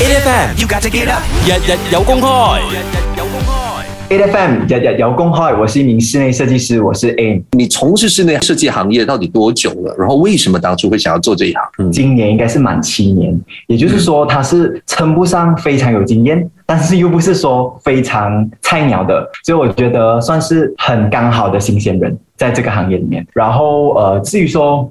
A F M you gotta get up，日日有公開，日日有公開。A F M 日日有公開，我是一名室內設計師，我是 Aim。你從事室內設計行業到底多久了？然後為什麼當初會想要做這一行？今年應該是滿七年，也就是說，他是稱不上非常有經驗，嗯，但是又不是說非常菜鳥的，所以我覺得算是很剛好的新鮮人，在這個行業裏面。然後，呃，至於說。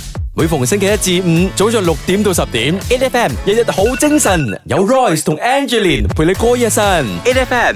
每逢星期一至五早上六點到十點，A F M 日日好精神，有 Royce 同 Angelina 陪你過一晨，A F M。